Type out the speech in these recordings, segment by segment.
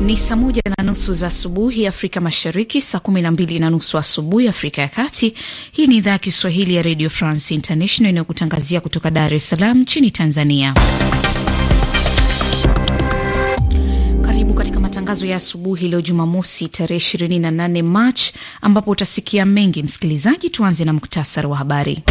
Ni saa moja na nusu za asubuhi Afrika Mashariki, saa kumi na mbili na nusu asubuhi Afrika ya Kati. Hii ni idhaa ya Kiswahili ya Radio France International inayokutangazia kutoka Dar es Salaam nchini Tanzania. Karibu katika matangazo ya asubuhi leo Jumamosi tarehe 28 Machi, ambapo utasikia mengi msikilizaji. Tuanze na muktasari wa habari.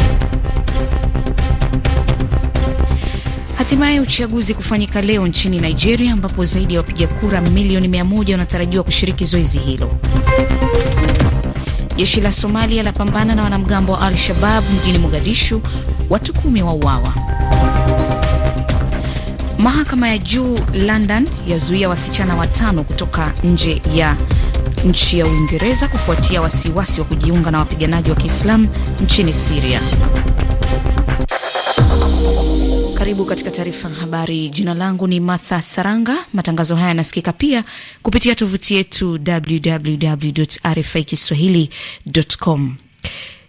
Hatimaye uchaguzi kufanyika leo nchini Nigeria, ambapo zaidi ya wapiga kura milioni 1 wanatarajiwa kushiriki zoezi hilo. Jeshi la Somalia lapambana na wanamgambo wa Al-Shabab mjini Mogadishu, watu kumi wauawa. Mahakama ya juu London yazuia wasichana watano kutoka nje ya nchi ya Uingereza kufuatia wasiwasi wa kujiunga na wapiganaji wa Kiislamu nchini Siria. Karibu katika taarifa habari. Jina langu ni Martha Saranga. Matangazo haya yanasikika pia kupitia tovuti yetu kiswahilicom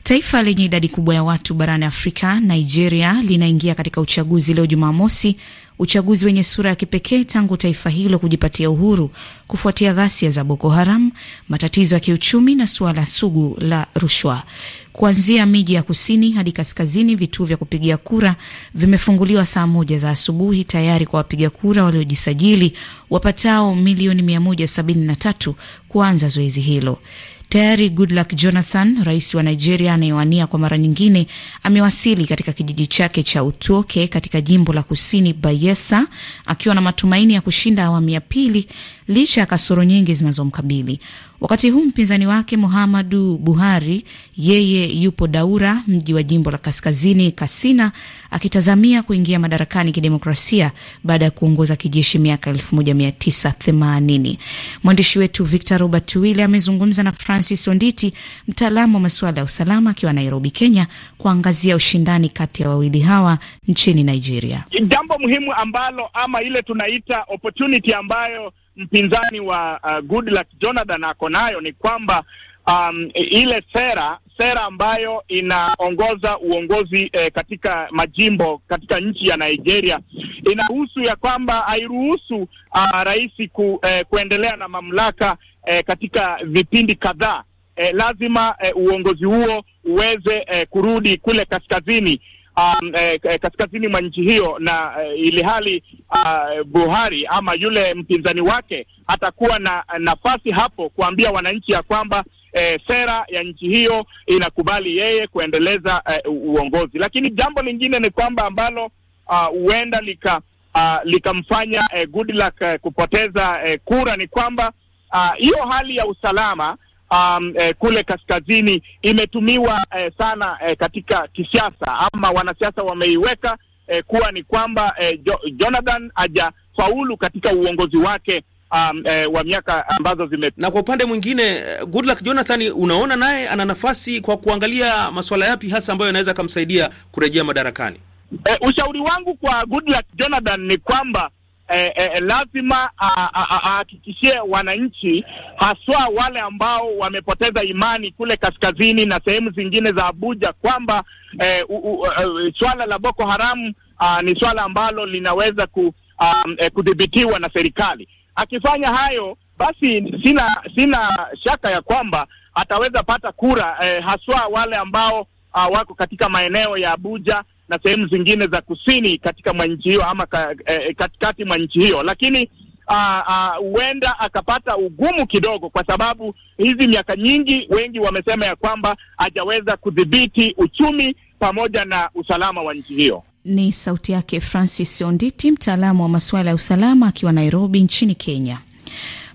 Taifa lenye idadi kubwa ya watu barani Afrika, Nigeria, linaingia katika uchaguzi leo Jumamosi, uchaguzi wenye sura ya kipekee tangu taifa hilo kujipatia uhuru kufuatia ghasia za Boko Haram, matatizo ya kiuchumi na suala sugu la rushwa. Kuanzia miji ya kusini hadi kaskazini, vituo vya kupigia kura vimefunguliwa saa moja za asubuhi tayari kwa wapiga kura waliojisajili wapatao milioni 173 kuanza zoezi hilo. Tayari Goodluck Jonathan, rais wa Nigeria anayewania kwa mara nyingine, amewasili katika kijiji chake cha Utoke katika jimbo la kusini Bayelsa, akiwa na matumaini ya kushinda awamu ya pili licha ya kasoro nyingi zinazomkabili. Wakati huu mpinzani wake Muhammadu Buhari yeye yupo Daura, mji wa jimbo la kaskazini Kasina, akitazamia kuingia madarakani kidemokrasia baada ya kuongoza kijeshi miaka 1980. Mwandishi wetu Victor Robert Wille amezungumza na Francis Onditi, mtaalamu wa masuala ya usalama, akiwa Nairobi, Kenya, kuangazia ushindani kati ya wawili hawa nchini Nigeria. Jambo muhimu ambalo ama ile tunaita opportunity ambayo mpinzani wa uh, Goodluck Jonathan ako nayo ni kwamba um, ile sera sera ambayo inaongoza uongozi eh, katika majimbo katika nchi ya Nigeria inahusu ya kwamba hairuhusu uh, rais ku, eh, kuendelea na mamlaka eh, katika vipindi kadhaa. Eh, lazima eh, uongozi huo uweze eh, kurudi kule kaskazini um, eh, eh, kaskazini mwa nchi hiyo na eh, ili hali uh, Buhari ama yule mpinzani wake atakuwa na nafasi hapo kuambia wananchi ya kwamba eh, sera ya nchi hiyo inakubali yeye kuendeleza eh, uongozi. Lakini jambo lingine ni kwamba ambalo ah, huenda uh, lika uh, likamfanya eh, Goodluck eh, kupoteza eh, kura ni kwamba hiyo uh, hali ya usalama um, eh, kule kaskazini imetumiwa eh, sana eh, katika kisiasa ama wanasiasa wameiweka eh, kuwa ni kwamba eh, jo, Jonathan hajafaulu katika uongozi wake um, eh, wa miaka ambazo zime. Na kwa upande mwingine eh, Goodluck Jonathan, unaona naye ana nafasi kwa kuangalia masuala yapi hasa ambayo yanaweza akamsaidia kurejea madarakani? Eh, ushauri wangu kwa Goodluck Jonathan ni kwamba Eh, eh, eh, lazima ahakikishie wananchi haswa wale ambao wamepoteza imani kule kaskazini na sehemu zingine za Abuja kwamba eh, eh swala la Boko Haram uh, ni swala ambalo linaweza ku, um, eh, kudhibitiwa na serikali. Akifanya hayo basi sina sina shaka ya kwamba ataweza pata kura eh, haswa wale ambao uh, wako katika maeneo ya Abuja na sehemu zingine za kusini katika mwa nchi hiyo ama ka, eh, eh katikati mwa nchi hiyo, lakini ah, ah, huenda uh, uh, akapata ugumu kidogo, kwa sababu hizi miaka nyingi wengi wamesema ya kwamba hajaweza kudhibiti uchumi pamoja na usalama wa nchi hiyo. Ni sauti yake Francis Onditi, mtaalamu wa masuala ya usalama akiwa Nairobi nchini Kenya.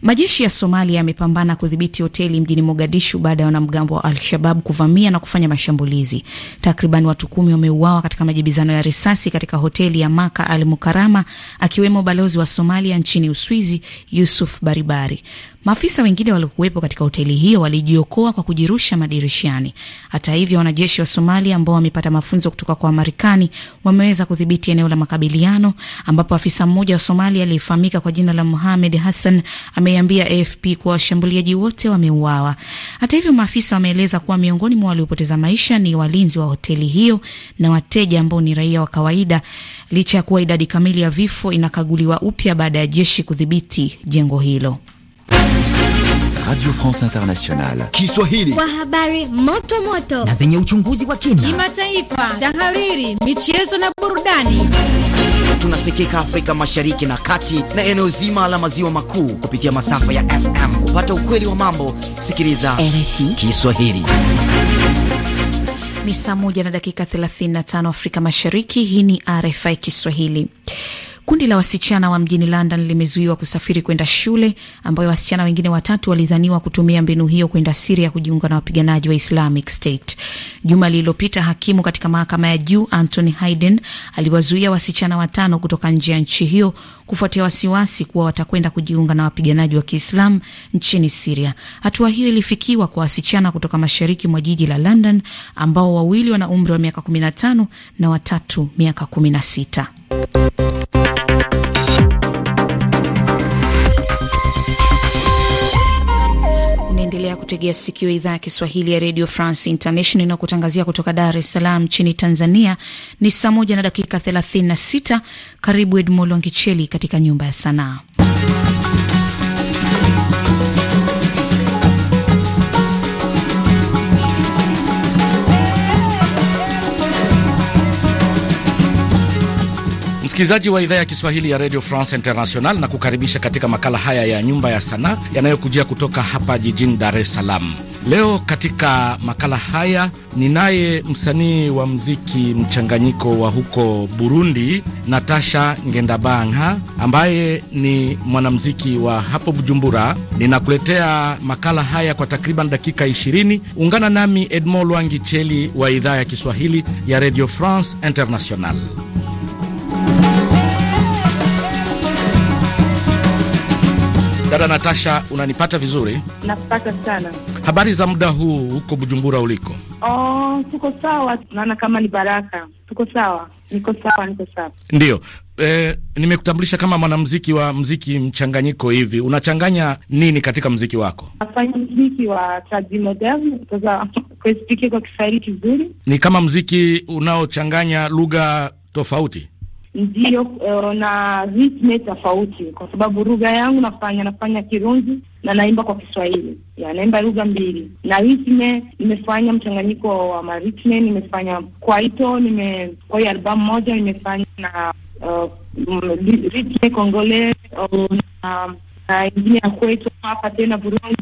Majeshi ya Somalia yamepambana kudhibiti hoteli mjini Mogadishu baada ya wanamgambo wa Al-Shabab kuvamia na kufanya mashambulizi. Takriban watu kumi wameuawa katika majibizano ya risasi katika hoteli ya Maka Al Mukarama, akiwemo balozi wa Somalia nchini Uswizi Yusuf Baribari. Maafisa wengine waliokuwepo katika hoteli hiyo walijiokoa kwa kujirusha madirishani. Hata hivyo, wanajeshi wa Somalia ambao wamepata mafunzo kutoka kwa Marekani wameweza kudhibiti eneo la makabiliano, ambapo afisa mmoja wa Somalia aliyefahamika kwa jina la Mohamed Hassan ameiambia AFP kuwa washambuliaji wote wameuawa. Hata hivyo, maafisa wameeleza kuwa miongoni mwa waliopoteza maisha ni walinzi wa hoteli hiyo na wateja ambao ni raia wa kawaida, licha ya kuwa idadi kamili ya vifo inakaguliwa upya baada ya jeshi kudhibiti jengo hilo. Radio France Internationale. Kiswahili. Kwa habari moto moto na zenye uchunguzi wa kina, kimataifa, tahariri, michezo na burudani. Tunasikika Afrika Mashariki na Kati na eneo zima la maziwa makuu kupitia masafa ya FM. Kupata ukweli wa mambo, sikiliza RFI Kiswahili. Ni saa moja na dakika 35 Afrika Mashariki. Hii ni RFI Kiswahili. Kundi la wasichana wa mjini London limezuiwa kusafiri kwenda shule, ambayo wasichana wengine watatu walidhaniwa kutumia mbinu hiyo kwenda Siria kujiunga na wapiganaji wa Islamic State. Juma lililopita, hakimu katika mahakama ya juu Anthony Hayden aliwazuia wasichana watano kutoka nje ya nchi hiyo kufuatia wasiwasi kuwa watakwenda kujiunga na wapiganaji wa Kiislamu nchini Siria. Hatua hiyo ilifikiwa kwa wasichana kutoka mashariki mwa jiji la London ambao wawili wana umri wa miaka 15 na watatu miaka 16. Unaendelea kutegea sikio idhaa ya Kiswahili ya Radio France International inayokutangazia kutoka Dar es Salaam nchini Tanzania. Ni saa moja na dakika 36. Karibu Edmond Longicheli katika nyumba ya sanaa. Msikilizaji wa idhaa ya Kiswahili ya Radio France International na kukaribisha katika makala haya ya nyumba ya sanaa yanayokujia kutoka hapa jijini Dar es Salaam. Leo katika makala haya ninaye msanii wa mziki mchanganyiko wa huko Burundi, Natasha Ngendabanga ambaye ni mwanamziki wa hapo Bujumbura. Ninakuletea makala haya kwa takriban dakika 20. Ungana nami Edmond Lwangi Cheli wa idhaa ya Kiswahili ya Radio France International. Dada Natasha, unanipata vizuri? Nakupata sana. Habari za muda huu huko Bujumbura uliko? Oh, tuko sawa, naona kama ni baraka. Tuko sawa, niko sawa, niko sawa. Ndio. Eh, nimekutambulisha kama mwanamuziki wa mziki mchanganyiko. Hivi unachanganya nini katika mziki wako? Nafanya mziki wa tradi modern, sasa kwa Kiswahili kizuri. Ni kama mziki unaochanganya lugha tofauti ndio uh, na ritme tofauti, kwa sababu lugha yangu nafanya nafanya Kirunzi na naimba kwa Kiswahili, ya naimba lugha mbili na ritme. Nimefanya mchanganyiko wa maritme, nimefanya kwaito, nime kwa hiyo albamu moja nimefanya na uh, eh, ritme kongole uh, na ingine ya kwetu hapa tena Burundi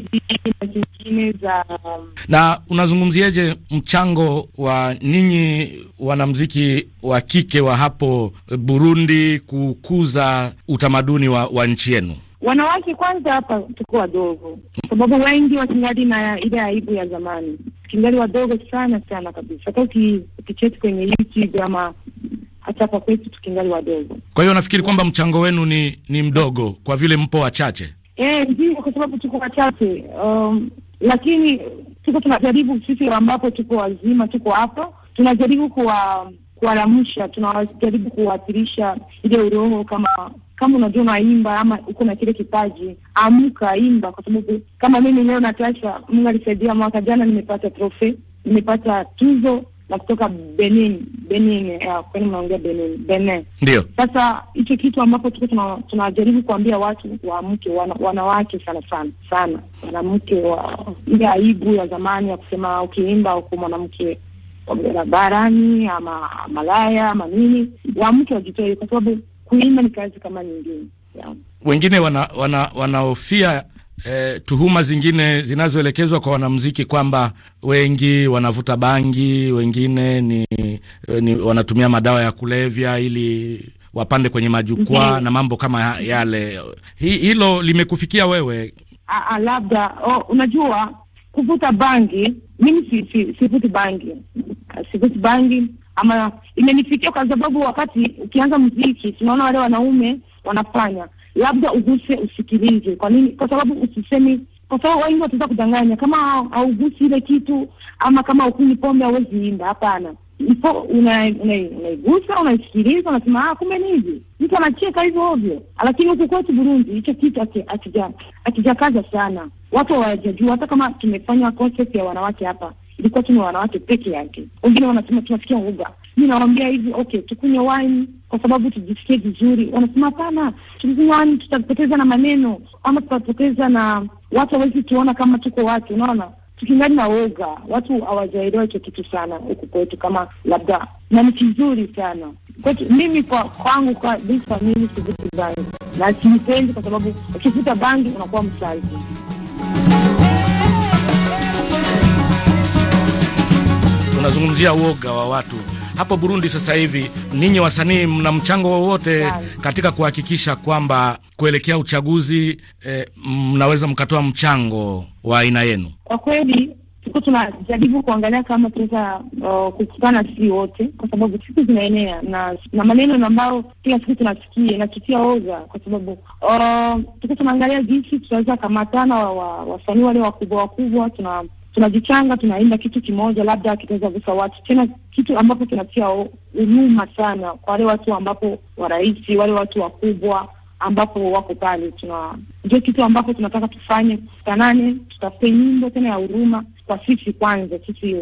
za um... Na unazungumziaje mchango wa ninyi wanamziki wa kike wa hapo Burundi kukuza utamaduni wa, wa nchi yenu? Wanawake kwanza hapa tuko wadogo, sababu wengi wakingali na ile aibu ya zamani, kingali wadogo sana sana kabisa. Hata ukicheti kwenye YouTube ama hata hapa kwetu tukingali wadogo. Kwa hiyo nafikiri kwamba mchango wenu ni ni mdogo kwa vile mpo wachache. Eh, ndio, kwa sababu tuko wachache um, lakini tuko tunajaribu sisi, ambapo tuko wazima, tuko hapa, tunajaribu kuwa kuwalamusha, tunajaribu kuwathirisha ile uroho kama kama unajua unaimba ama uko na kile kipaji, amka imba, kwa sababu kama mimi leo Natasha, Mungu alisaidia, mwaka jana nimepata trofe, nimepata tuzo na kutoka Benin Benin, eh, kwani mnaongea Benin Benin, ndio. Sasa hicho kitu ambapo tuko tunajaribu kuambia watu waamke, wanawake sana sana sana wanamke wa ile aibu ya zamani ya kusema ukiimba huko mwanamke wa barabarani ama malaya ama nini, waamke wajitoe, kwa sababu kuimba ni kazi kama nyingine. Wengine wana wanaofia wana eh, tuhuma zingine zinazoelekezwa kwa wanamuziki kwamba wengi wanavuta bangi, wengine ni, ni wanatumia madawa ya kulevya ili wapande kwenye majukwaa mm -hmm. na mambo kama yale. Hi, hilo limekufikia wewe? A, labda oh, unajua kuvuta bangi, mimi si, si, sivuti bangi, sivuti bangi ama imenifikia kwa sababu wakati ukianza mziki tunaona wale wanaume wanafanya labda uguse usikilize. Kwa nini? Kwa sababu usisemi, kwa sababu wengi wataweza kudanganya kama haugusi ile kitu, ama kama ukuni pombe hauwezi imba. Hapana, ipo, unaigusa, una, unaisikiliza, unasema ah, kumbe ni hivi. Mtu anacheka hivyo ovyo, lakini huku kwetu Burundi hicho kitu akijakaza sana, watu hawajajua. Hata kama tumefanya concept ya wanawake hapa ilikuwa tu ni wanawake peke yake. Wengine wanasema tunasikia uga, mi nawambia hivi, okay, tukunywe wine kwa sababu tujisikie vizuri. Wanasema hapana, tukikunywa wine tutapoteza na maneno ama tutapoteza na watu, hawezi tuona kama tuko watu, unaona tukingani na woga, watu hawajaelewa hicho kitu sana huku kwetu, kama labda na ni kizuri sana kwetu. Mimi kwa kwangu, kwa mimi sivuti bangi na sipendi, kwa sababu ukivuta bangi unakuwa msazi. tunazungumzia uoga wa watu hapo Burundi. Sasa hivi ninyi wasanii mna mchango wowote katika kuhakikisha kwamba kuelekea uchaguzi e, mnaweza mkatoa mchango wa aina yenu? Kwa kweli tuko tunajaribu kuangalia kama tunaweza uh, kukutana sisi wote, kwa sababu siku zinaenea na na maneno ambayo kila siku tunasikia natutia oga, kwa sababu uh, tuko tunaangalia jinsi tunaweza kamatana wa, wasanii wale wakubwa wakubwa tuna tunajichanga, tunaenda kitu kimoja, labda kitaweza kusa watu tena, kitu ambapo kinatia huruma sana kwa wale watu ambapo warahisi, wale watu wakubwa ambapo wako pale, tuna ndio kitu ambapo tunataka tufanye, tutanane, tutafute nyimbo tena ya huruma kwa sisi kwanza, sisi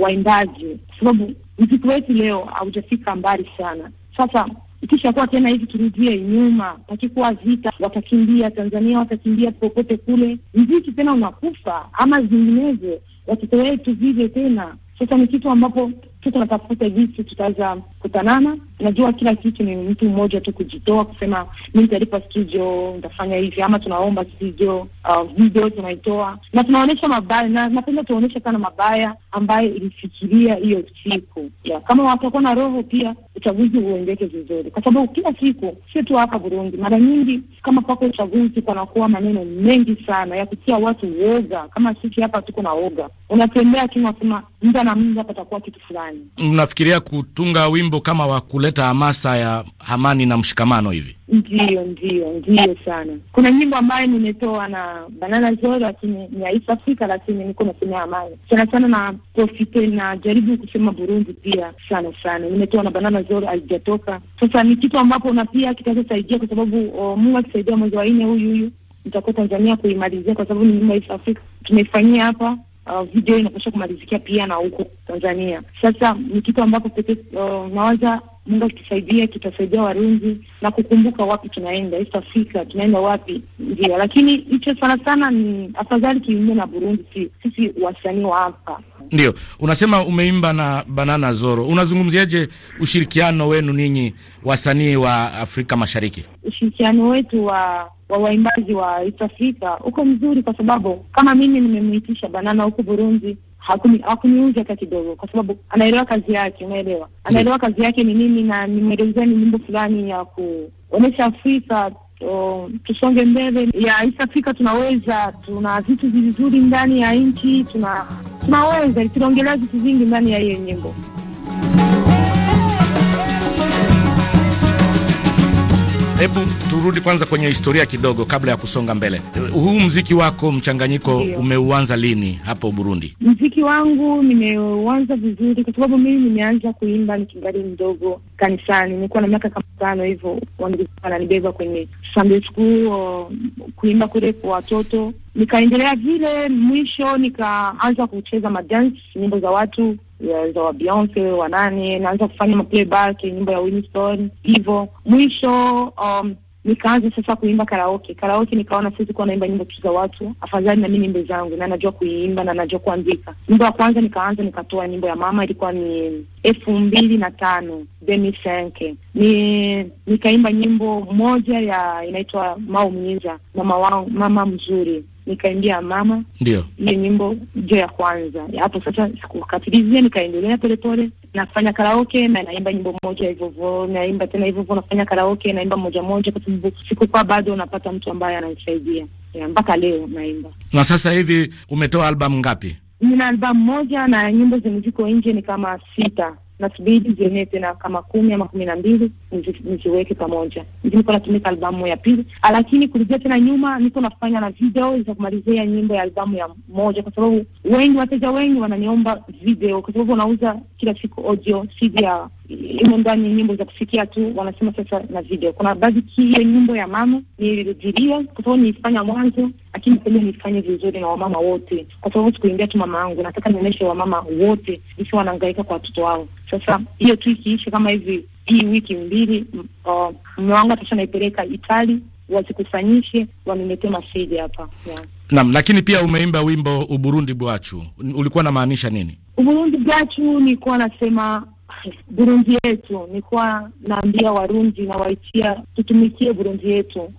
waimbaji, kwa sababu mziki wetu leo haujafika mbali sana. Sasa Ikishakuwa tena hivi, turudie nyuma, pakikuwa vita, watakimbia Tanzania, watakimbia popote kule, mziki tena unakufa ama zinginezo, watoto wetu tena. Sasa ni kitu ambapo sisi tunatafuta jinsi tutaweza kutanana. Najua kila kitu ni mtu mmoja tu kujitoa kusema mi nitalipa studio, nitafanya hivi, ama tunaomba studio uh, video tunaitoa na tunaonyesha mabaya, na napenda tuonyeshe sana mabaya ambayo ilifikiria hiyo siku yeah. Kama watakuwa na roho pia uchaguzi uendeke vizuri, kwa sababu kila siku, sio tu hapa Burundi, mara nyingi kama pako uchaguzi panakuwa maneno mengi sana ya kutia watu woga Kama sisi hapa tuko na woga, unatembea tu unasema mda na mda patakuwa kitu fulani amani. Mnafikiria kutunga wimbo kama wa kuleta hamasa ya amani na mshikamano hivi? Ndiyo, ndiyo, ndiyo sana. Kuna nyimbo ambayo nimetoa na Banana Zoro, lakini ni ya East Africa, lakini niko nasemea amani sana sana na profite na jaribu kusema Burundi pia sana sana. Nimetoa na Banana Zoro, haijatoka sasa. Ni kitu ambapo na pia kitachosaidia kwa sababu Mungu akisaidia mwezi wa nne huyu huyu nitakuwa Tanzania kuimalizia, kwa sababu ni nyimbo ya East Africa tumeifanyia hapa uh, video inapaswa kumalizikia pia na huko Tanzania. Sasa ni kitu ambapo pekee uh, naweza Mungu akitusaidia kitasaidia warungi na kukumbuka wapi tunaenda, East Africa tunaenda wapi, ndio. Lakini hicho sana sana ni afadhali kiingie na Burundi, sisi wasanii wa hapa ndio unasema umeimba na Banana Zoro, unazungumziaje ushirikiano wenu ninyi wasanii wa Afrika Mashariki? Ushirikiano wetu wa wa waimbaji wa East Africa uko mzuri, kwa sababu kama mimi nimemuitisha Banana huko Burundi hakuniuzi hata kidogo, kwa sababu anaelewa kazi yake. Unaelewa, anaelewa kazi yake ni nini, na nimeelezea ni nyimbo fulani ya kuonyesha Afrika So, tusonge mbele ya East Africa, tunaweza, tuna vitu vizuri ndani ya nchi, tuna tunaweza, tunaongelea vitu vingi ndani ya hiyo nyimbo. Hebu turudi kwanza kwenye historia kidogo kabla ya kusonga mbele. Huu mziki wako mchanganyiko umeuanza lini hapo Burundi? Mziki Muziki wangu nimeuanza vizuri, kwa sababu mimi nimeanza kuimba nikingali mdogo kanisani. Nilikuwa na miaka kama tano hivyo, wananibeba kwenye Sunday school kuimba kule kwa watoto. Nikaendelea vile, mwisho nikaanza kucheza madance, nyimbo za watu ya, za wa Beyonce wanane, naanza kufanya maplayback nyimbo ya Winston hivyo mwisho um, nikaanza sasa kuimba karaoke. Karaoke nikaona siwezi kuwa naimba nyimbo tu za watu, afadhali na mimi nyimbo zangu, na najua kuiimba na najua kuandika. Nyimbo ya kwanza nikaanza nikatoa nyimbo ya mama, ilikuwa ni elfu mbili na tano Demi Senke ni nikaimba nyimbo moja ya inaitwa Maumiza, mama wangu, mama mzuri nikaimbia mama, ndio hiyo nyimbo ndio ya kwanza hapo. Sasa sikukatilizia, nikaendelea polepole, nafanya karaoke na naimba nyimbo moja hivyo hivyo, naimba tena hivyo hivyo, nafanya karaoke naimba moja moja, kwa sababu sikukuwa bado unapata mtu ambaye ananisaidia mpaka leo naimba. Na sasa hivi umetoa albamu ngapi? Nina albamu moja na nyimbo zenye ziko nje ni kama sita nasubiri zienee tena kama kumi ama kumi na mbili niziweke pamoja. Niko natumika albamu ya pili, ah, lakini kurudia tena nyuma, niko nafanya na video za kumalizia nyimbo ya albamu ya moja, kwa sababu wengi, wateja wengi wananiomba video, kwa sababu wanauza kila siku audio, CD ya imo ndani nyimbo za kusikia tu, wanasema sasa na video. Kuna baadhi hiyo nyimbo ya mama nilirudilia kwa sababu nilifanya mwanzo, lakini pia nifanye vizuri na wamama wote, kwa sababu sikuimbia tu mama yangu, nataka nionyeshe wamama wote jinsi wanahangaika kwa watoto wao. Sasa hiyo tu ikiisha kama hivi hii wiki mbili, oh, mume wangu atasha naipeleka Itali, wazikusanyishe waniletee masheji hapa yeah. Naam, lakini pia umeimba wimbo Uburundi bwachu, ulikuwa unamaanisha nini? Uburundi bwachu nilikuwa nasema Burundi yetu, ni nikuwa naambia Warundi na Waitia tutumikie Burundi yetu.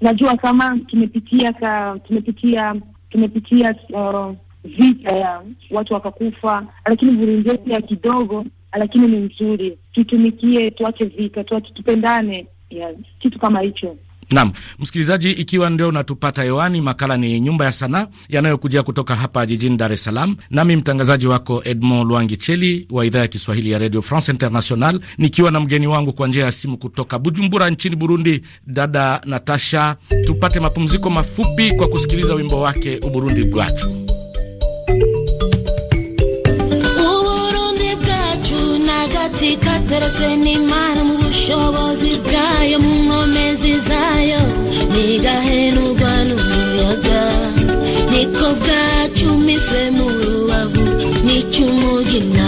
Najua kama tumepitia ka, tumepitia tumepitia uh, vita ya watu wakakufa, lakini Burundi yetu ya kidogo, lakini ni mzuri Tutumikie, tuache vita, tuache, tupendane. Yeah, kitu kama hicho. Nam msikilizaji, ikiwa ndio unatupata hewani, makala ni Nyumba ya Sanaa yanayokujia kutoka hapa jijini Dar es Salaam, nami mtangazaji wako Edmond Lwangi Cheli wa idhaa ya Kiswahili ya Radio France International, nikiwa na mgeni wangu kwa njia ya simu kutoka Bujumbura nchini Burundi, dada Natasha. Tupate mapumziko mafupi kwa kusikiliza wimbo wake Uburundi bwacu. Uburundi bwayo zayo ntigahenurwa n'umuyaga niko bwacumiswe mu rubavu n'icy'umugina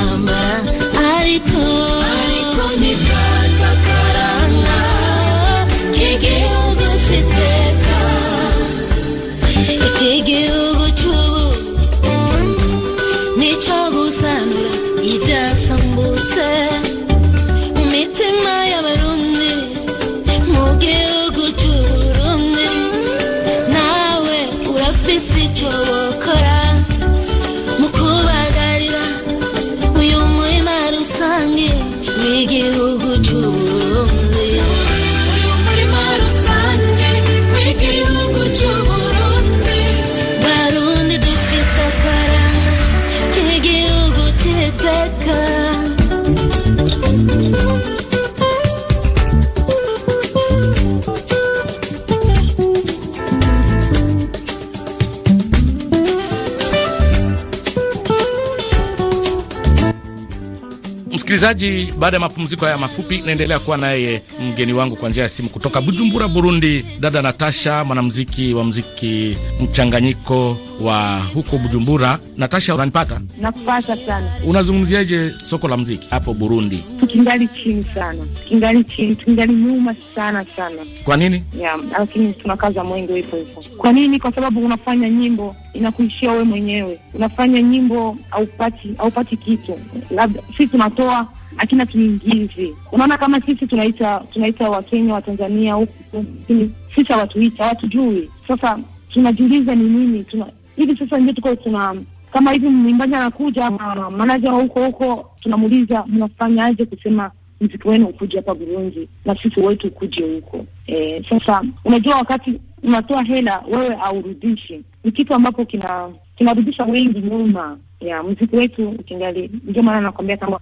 Msikilizaji, baada ya mapumziko haya mafupi, naendelea kuwa naye mgeni wangu kwa njia ya simu kutoka Bujumbura, Burundi, dada Natasha, mwanamziki wa mziki mchanganyiko wa huko Bujumbura. Natasha, unanipata? Nakupata sana. Unazungumziaje soko la mziki hapo Burundi? kingali chini sana, kingali chini, kingali nyuma sana sana. Kwa nini? Yeah, lakini kaza mwenge hivyo hivyo. Kwa nini? Kwa sababu unafanya nyimbo inakuishia wewe mwenyewe, unafanya nyimbo haupati haupati kitu, labda sisi tunatoa akina tuingizi. Unaona, kama sisi tunaita tunaita Wakenya Tanzania huku, lakini sisi hawatuita, hawatujui. Sasa tunajiuliza ni nini tuna hivi sasa ndio tuko tuna kama hivi mwimbaji anakuja ama manaja wa huko huko, tunamuuliza mnafanyaje kusema mziki wenu ukuje hapa Burundi na sisi wetu ukuje huko. E, sasa unajua wakati unatoa hela wewe aurudishi, ni kitu ambapo kina kinarudisha wengi nyuma ya mziki wetu ukingali. Ndio maana nakwambia kama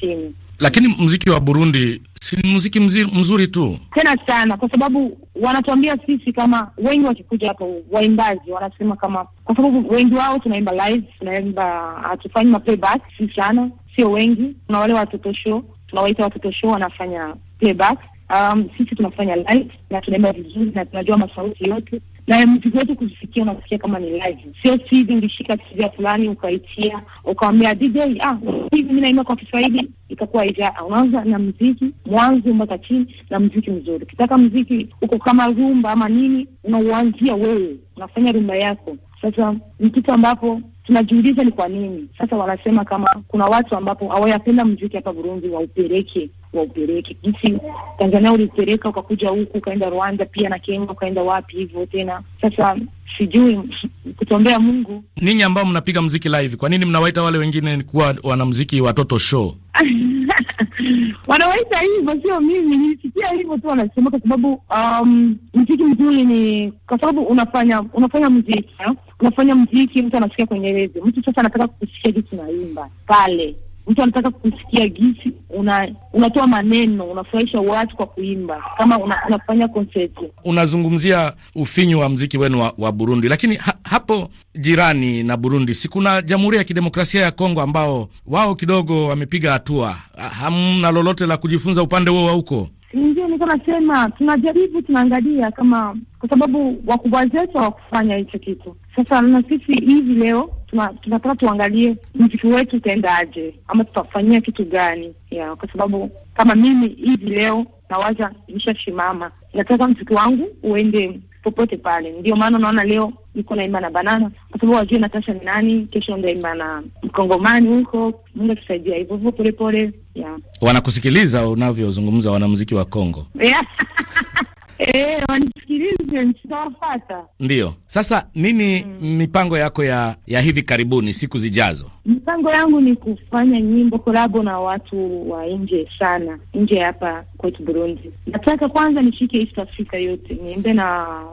chini lakini mziki wa Burundi si mziki mzuri, mzuri tu tena sana, kwa sababu wanatuambia sisi kama wengi wakikuja hapo waimbaji wanasema kama, kwa sababu wengi wao tunaimba live, tunaimba hatufanyi playback, si sana, sio wengi. Kuna wale watoto show tunawaita watoto show, wanafanya playback. Um, sisi tunafanya live na tunaimba vizuri na tunajua masauti yote na mzigo wetu kusikia unasikia kama ni live, sio hivi ulishika ya fulani ukaitia ukawambia DJ, ah, hivi mimi kwa Kiswahili ikakuwa ija Unaanza na mziki mwanzo mpaka chini, na mziki mzuri. Ukitaka mziki uko kama rumba ama nini, unauanzia wewe, unafanya rumba yako. Sasa ni kitu ambapo tunajiuliza ni kwa nini sasa wanasema kama kuna watu ambapo hawayapenda mziki hapa Burundi, waupeleke waupeleke jinsi Tanzania ulipeleka ukakuja huku ukaenda Rwanda pia na Kenya ukaenda wapi hivyo tena. Sasa sijui kutombea Mungu. Ninyi ambao mnapiga mziki live, kwa nini mnawaita wale wengine kuwa wanamziki watoto show? wanawaita hivyo, sio mimi, nilisikia hivyo tu wanasema, kwa sababu um, mziki mzuri ni kwa sababu unafanya unafanya mziki unafanya mziki, mtu anasikia kwenye redio, mtu sasa anataka kusikia kitu naimba pale mtu anataka kusikia gisi, una unatoa maneno, unafurahisha watu kwa kuimba, kama una, unafanya konseti Unazungumzia ufinyu wa mziki wenu wa, wa Burundi, lakini ha, hapo jirani na Burundi si kuna Jamhuri ya Kidemokrasia ya Kongo ambao wao kidogo wamepiga hatua? Hamna lolote la kujifunza upande huo wa huko? hiyo niko nasema tunajaribu, tunaangalia kama, kwa sababu wakubwa zetu hawakufanya hicho kitu. Sasa na sisi hivi leo tunataka tuangalie mziki wetu utaendaje, ama tutafanyia kitu gani ya, kwa sababu kama mimi hivi leo nawaza nishasimama, nataka mziki wangu uende popote pale. Ndio maana unaona leo niko naimba na Banana kwa sababu wajue Natasha ni nani, kesho ndaimba na Mkongomani huko, Mungu akisaidia hivyo hivyo polepole, yeah. Wanakusikiliza unavyozungumza wanamuziki wa Kongo, yeah. Eh, wanisikilize nitawafata. Ndiyo, sasa nini mm, mipango yako ya ya hivi karibuni, siku zijazo? Mipango yangu ni kufanya nyimbo kolabo na watu wa nje sana, nje hapa kwetu Burundi. Nataka kwanza nishike East Africa yote, niimbe na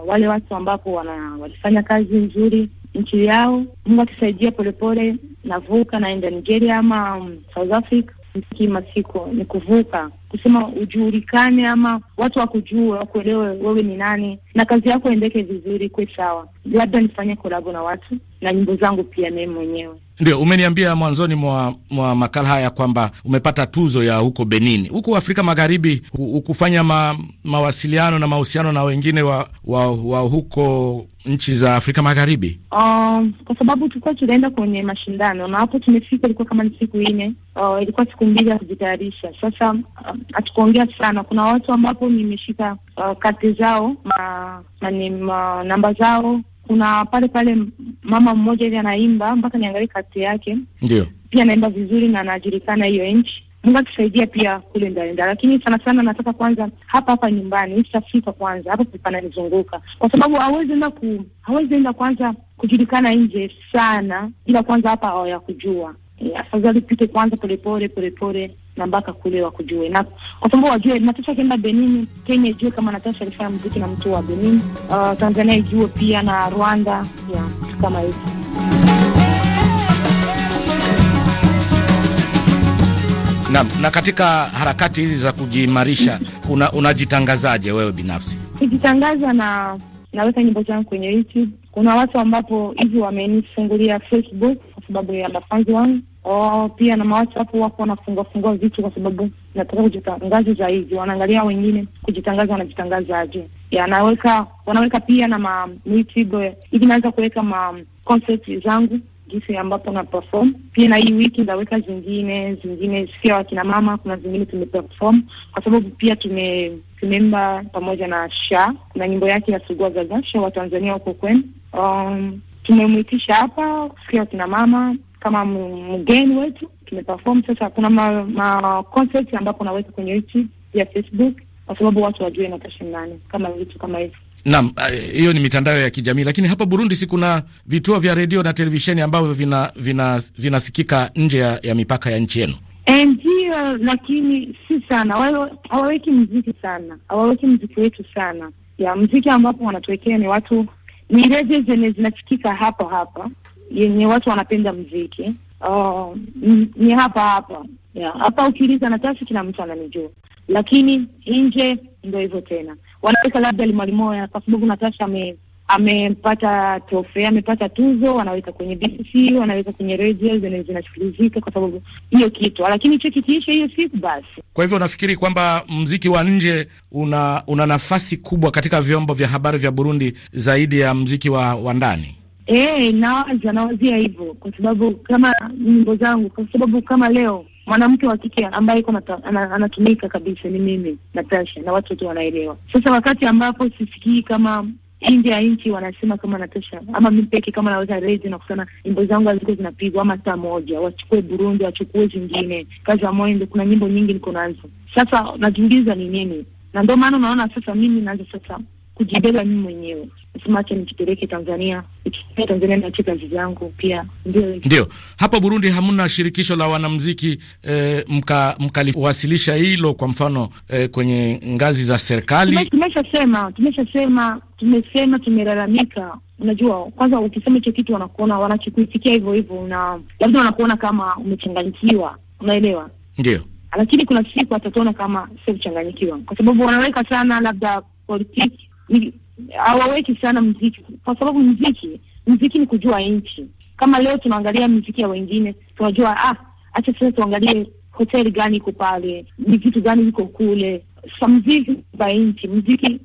wale watu ambapo wana walifanya kazi nzuri nchi yao. Mungu akisaidia, polepole navuka naenda Nigeria ama um, South Africa msingi siku ni kuvuka, kusema ujulikane, ama watu wakujua, wakuelewe wewe ni nani, na kazi yako endeke vizuri, kwe sawa, labda nifanye kolabo na watu na nyimbo zangu pia naye mwenyewe. Ndio, umeniambia mwanzoni mwa, mwa makala haya kwamba umepata tuzo ya huko Benin. Huko Afrika Magharibi hukufanya ma, mawasiliano na mahusiano na wengine wa, wa, wa huko nchi za Afrika Magharibi? Um, kwa sababu tulikuwa tunaenda kwenye mashindano na hapo tumefika, ilikuwa kama ni siku nne, uh, ilikuwa siku mbili ya kujitayarisha. Sasa um, hatukuongea uh, sana. Kuna watu ambapo nimeshika uh, kati zao ma, ma, ma, namba zao kuna pale pale mama mmoja hivi anaimba mpaka niangalie kati yake, ndio pia anaimba vizuri na anajulikana hiyo nchi. Mungu akisaidia pia kule ndaenda, lakini sana sana nataka kwanza hapa hapa nyumbani East Africa kwanza, hapo pananizunguka, kwa sababu hawezi enda ku hawezi enda kwanza kujulikana nje sana, ila kwanza hapa hawaya kujua afadhali pite kwanza polepole polepole na mpaka kule wakujue, na kwa sababu wajue Natasha akienda Benin, Kenya ijue kama Natasha alifanya mziki na mtu wa Benin, uh, Tanzania ijue pia na Rwanda, yeah, kama hivi na, na katika harakati hizi za kujiimarisha unajitangazaje? wewe binafsi kujitangaza na naweka nyimbo zangu kwenye YouTube. Kuna watu ambapo hivi wamenifungulia Facebook kwa sababu ya mafanzi wangu Oh, pia na mawacha hapo wako wanafungua fungua vitu kwa sababu nataka kujitangaza zaidi, wanaangalia wengine kujitangaza, wanajitangaza wanajitangazaje? Yanaweka wanaweka pia na ma YouTube ili naweza kuweka ma concert zangu jinsi ambapo na perform pia, na hii wiki ndaweka zingine zingine, sio wakina mama, kuna zingine tume perform kwa sababu pia tume tumeimba pamoja na Sha na nyimbo yake ya sugua zaza Sha wa Tanzania huko kwenu. Um, tumemwitisha hapa kusikia wakina mama kama mgeni wetu tumeperform. Sasa kuna ma, ma concert ambapo naweka kwenye YouTube ya Facebook kwa sababu watu wajue na nani, kama vitu kama hivyo. Naam, eh, hiyo ni mitandao ya kijamii, lakini hapa Burundi si kuna vituo vya redio na televisheni ambavyo vina vinasikika vina nje ya, ya mipaka ya nchi yenu? Eh, ndio lakini si sana, hawaweki mziki sana, hawaweki mziki wetu sana ya mziki ambapo wanatuwekea ni watu ni redio zenye zinasikika hapo hapa yenye watu wanapenda mziki oh, ni hapa hapa yeah. Hapa ukiuliza Natashi, kila mtu ananijua, lakini nje ndo hivyo tena, wanaweka labda limalimoya kwa sababu Natasha ame amepata trofea, amepata tuzo, wanaweka kwenye BBC, wanaweka kwenye redio zinashughulizika kwa sababu hiyo kitu, lakini hicho kikiisha hiyo siku basi. Kwa hivyo unafikiri kwamba mziki wa nje una una nafasi kubwa katika vyombo vya habari vya Burundi zaidi ya mziki wa wa ndani? Eh, nawaza nawazia hivyo kwa sababu kama nyimbo zangu, kwa sababu kama leo mwanamke wa kike ambaye iko anatumika kabisa ni mimi Natasha, na watu wote wanaelewa. Sasa wakati ambapo sisikii kama nje ya nchi wanasema kama Natasha ama mimi peke kama naweza redio na kusema nyimbo zangu haziko zinapigwa ama saa moja, wachukue Burundi, wachukue zingine kazi ya Kuna nyimbo nyingi niko nazo sasa, najiuliza ni nini, na ndio maana unaona sasa mimi naanza sasa kujibeba mimi mwenyewe smart nikipeleke Tanzania, nikifika Tanzania niache kazi zangu pia. Ndio ndio, hapo Burundi hamna shirikisho la wanamuziki e, mka mkaliwasilisha hilo kwa mfano e, kwenye ngazi za serikali? Tumeshasema, tumeshasema, tumesema, tumelalamika. Unajua, kwanza ukisema hicho kitu wanakuona, wanachokuitikia hivyo hivyo, na labda wanakuona kama umechanganyikiwa, unaelewa? Ndio, lakini kuna siku watatuona kama sio kuchanganyikiwa, kwa sababu wanaweka sana labda politiki hawaweki sana mziki, kwa sababu mziki mziki ni kujua nchi. Kama leo tunaangalia mziki ya wengine, tunajua ah, acha sasa tuangalie hoteli gani iko pale, ni vitu gani viko kule. Sa mziki ba nchi mziki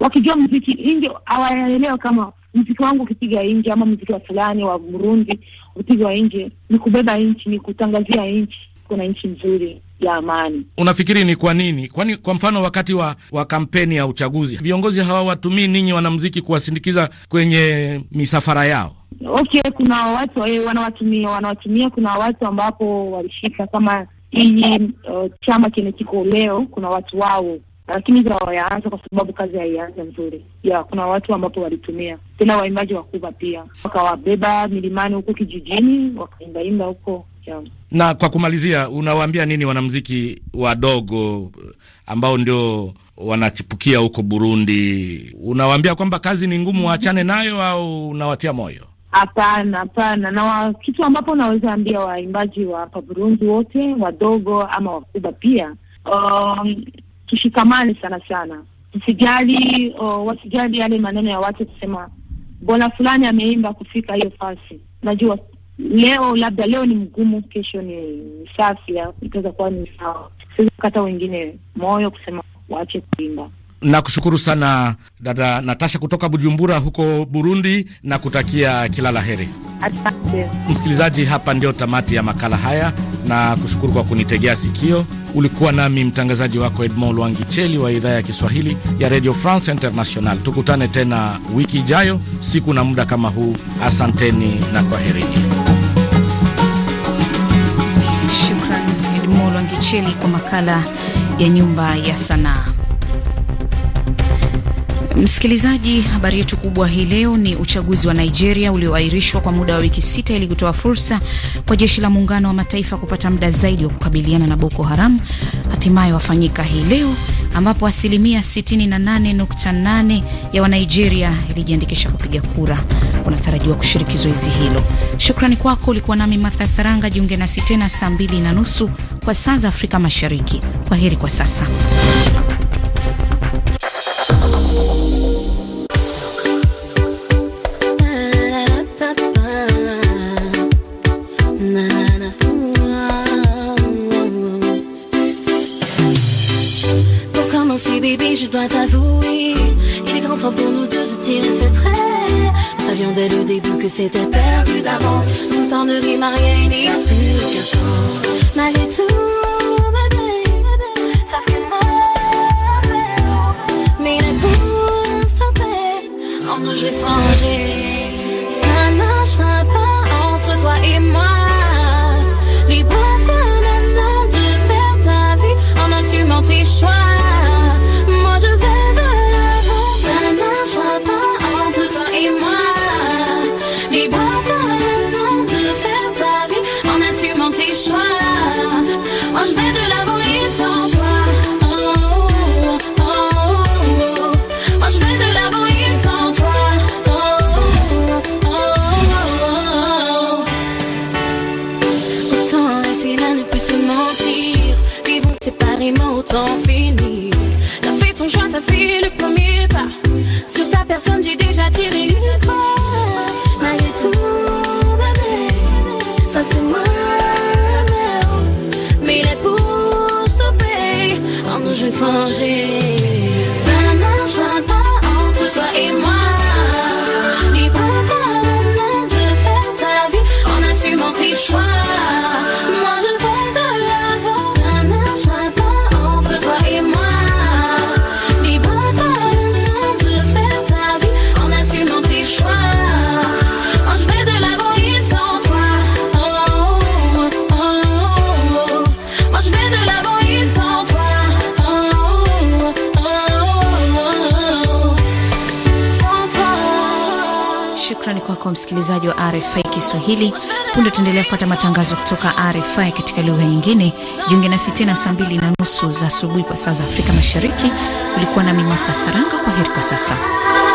wakijua mziki inje hawaelewa kama mziki wangu ukipiga nje ama mziki wa fulani wa Burundi ukipigwa nje ni kubeba nchi, ni kutangazia nchi, kuna nchi nzuri ya amani. Unafikiri ni kwa nini? Kwani kwa mfano wakati wa, wa kampeni ya uchaguzi viongozi hawa watumii ninyi wanamuziki kuwasindikiza kwenye misafara yao? Okay, kuna watu eh, wanawatumia wanawatumia. Kuna watu ambapo walishika kama hii uh, chama kene kiko leo, kuna watu wao lakini hizo hawayaanza kwa sababu kazi haianza nzuri ya. Kuna watu ambapo walitumia tena waimbaji wakubwa pia wakawabeba milimani huko kijijini wakaimbaimba huko na kwa kumalizia, unawaambia nini wanamuziki wadogo ambao ndio wanachipukia huko Burundi? Unawaambia kwamba kazi ni ngumu, waachane nayo au unawatia moyo? Hapana, hapana. Na wa, kitu ambapo naweza ambia waimbaji wa hapa Burundi wote wadogo ama wakubwa pia, um, tushikamane sana sana, tusijali uh, wasijali yale maneno ya watu kusema bwana fulani ameimba kufika hiyo fasi. Najua leo labda leo ni mgumu, kesho ni safi, itaweza kuwa ni sawa. Siwezi kukata wengine moyo kusema waache kuimba. Nakushukuru sana dada Natasha kutoka Bujumbura huko Burundi, na kutakia kila la heri. Asante msikilizaji, hapa ndio tamati ya makala haya, na kushukuru kwa kunitegea sikio. Ulikuwa nami mtangazaji wako Edmond Lwangicheli wa idhaa ya Kiswahili ya Radio France International. Tukutane tena wiki ijayo, siku na muda kama huu. Asanteni na kwaherini. Shukran Edmond Lwangicheli kwa makala ya nyumba ya sanaa. Msikilizaji, habari yetu kubwa hii leo ni uchaguzi wa Nigeria ulioahirishwa kwa muda wa wiki sita ili kutoa fursa kwa jeshi la muungano wa mataifa kupata muda zaidi wa kukabiliana na Boko Haram, hatimaye wafanyika hii leo ambapo asilimia 68.8 ya Wanigeria ilijiandikisha kupiga kura. Wanatarajiwa kushiriki zoezi hilo. Shukrani kwako, ulikuwa nami Martha Saranga. Jiunge nasi tena saa mbili na nusu kwa saa za Afrika Mashariki. Kwa heri kwa sasa. je dois t'avouer, il est grand temps pour nous deux de tirer ce trait. Nous savions dès le début que c'était perdu d'avance. Nous temps de vie mariée il n'y a plus aucun sens. Malgré tout, bébé, ça fait mal. Mais la boule s'appelle en nous j'ai frangé. Ça marchera pas entre toi et moi. carrément autant fini. T'as fait ton choix, t'as fait le premier pas. Sur ta personne, j'ai déjà tiré une croix. Malgré tout, ma mère, ça fait moi, mal. Mais il est pour stopper en nous, je vais kwa msikilizaji wa RFI Kiswahili. Punde tuendelea kupata matangazo kutoka RFI katika lugha nyingine. Jiunge nasi tena saa mbili na nusu za asubuhi kwa saa za Afrika Mashariki. Ulikuwa na mimafa Saranga. Kwa heri kwa sasa.